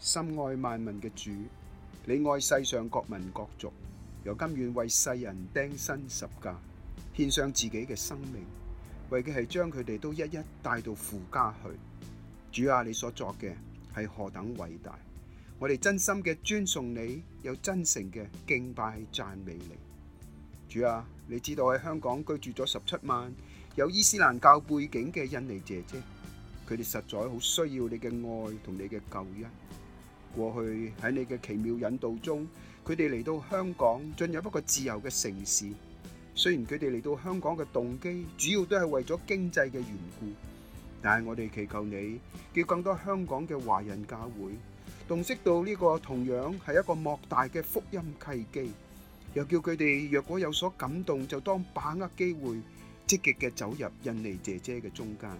深愛萬民嘅主，你愛世上各民各族，又甘願為世人釘身十架，獻上自己嘅生命，為嘅係將佢哋都一一帶到父家去。主啊，你所作嘅係何等偉大！我哋真心嘅尊崇你，又真誠嘅敬拜讚美你。主啊，你知道喺香港居住咗十七萬有伊斯蘭教背景嘅印尼姐姐，佢哋實在好需要你嘅愛同你嘅救恩。過去喺你嘅奇妙引導中，佢哋嚟到香港，進入一個自由嘅城市。雖然佢哋嚟到香港嘅動機主要都係為咗經濟嘅緣故，但係我哋祈求你叫更多香港嘅華人教會洞悉到呢個同樣係一個莫大嘅福音契機，又叫佢哋若果有所感動，就當把握機會，積極嘅走入印尼姐姐嘅中間，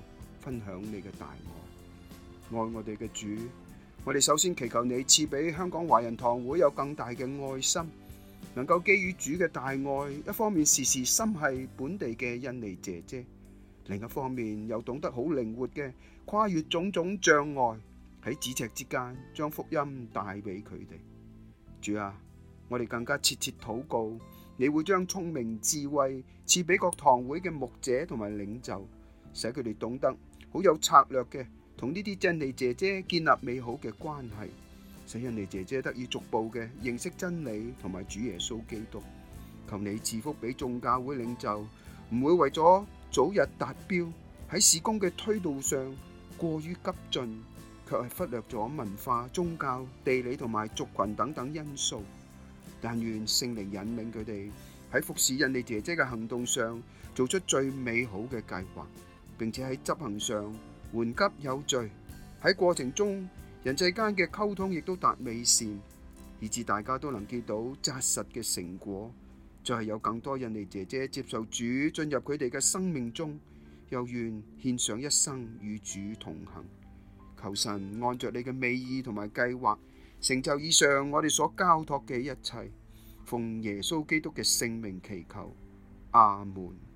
分享你嘅大愛，愛我哋嘅主。我哋首先祈求你賜俾香港華人堂會有更大嘅愛心，能夠基於主嘅大愛，一方面時時心繫本地嘅印尼姐姐，另一方面又懂得好靈活嘅跨越種種障礙，喺咫尺之間將福音帶俾佢哋。主啊，我哋更加切切禱告，你會將聰明智慧賜俾各堂會嘅牧者同埋領袖，使佢哋懂得好有策略嘅。同呢啲印尼姐姐建立美好嘅關係，使印尼姐姐得以逐步嘅認識真理同埋主耶穌基督。求你賜福俾眾教會領袖，唔會為咗早日達標喺事工嘅推導上過於急進，卻係忽略咗文化、宗教、地理同埋族群等等因素。但願聖靈引領佢哋喺服侍印尼姐姐嘅行動上，做出最美好嘅計劃，並且喺執行上，緩急有序，喺過程中，人際間嘅溝通亦都達美善，以至大家都能見到扎實嘅成果，再、就、係、是、有更多印尼姐姐接受主，進入佢哋嘅生命中，又願獻上一生與主同行。求神按着你嘅美意同埋計劃，成就以上我哋所交託嘅一切，奉耶穌基督嘅聖名祈求，阿門。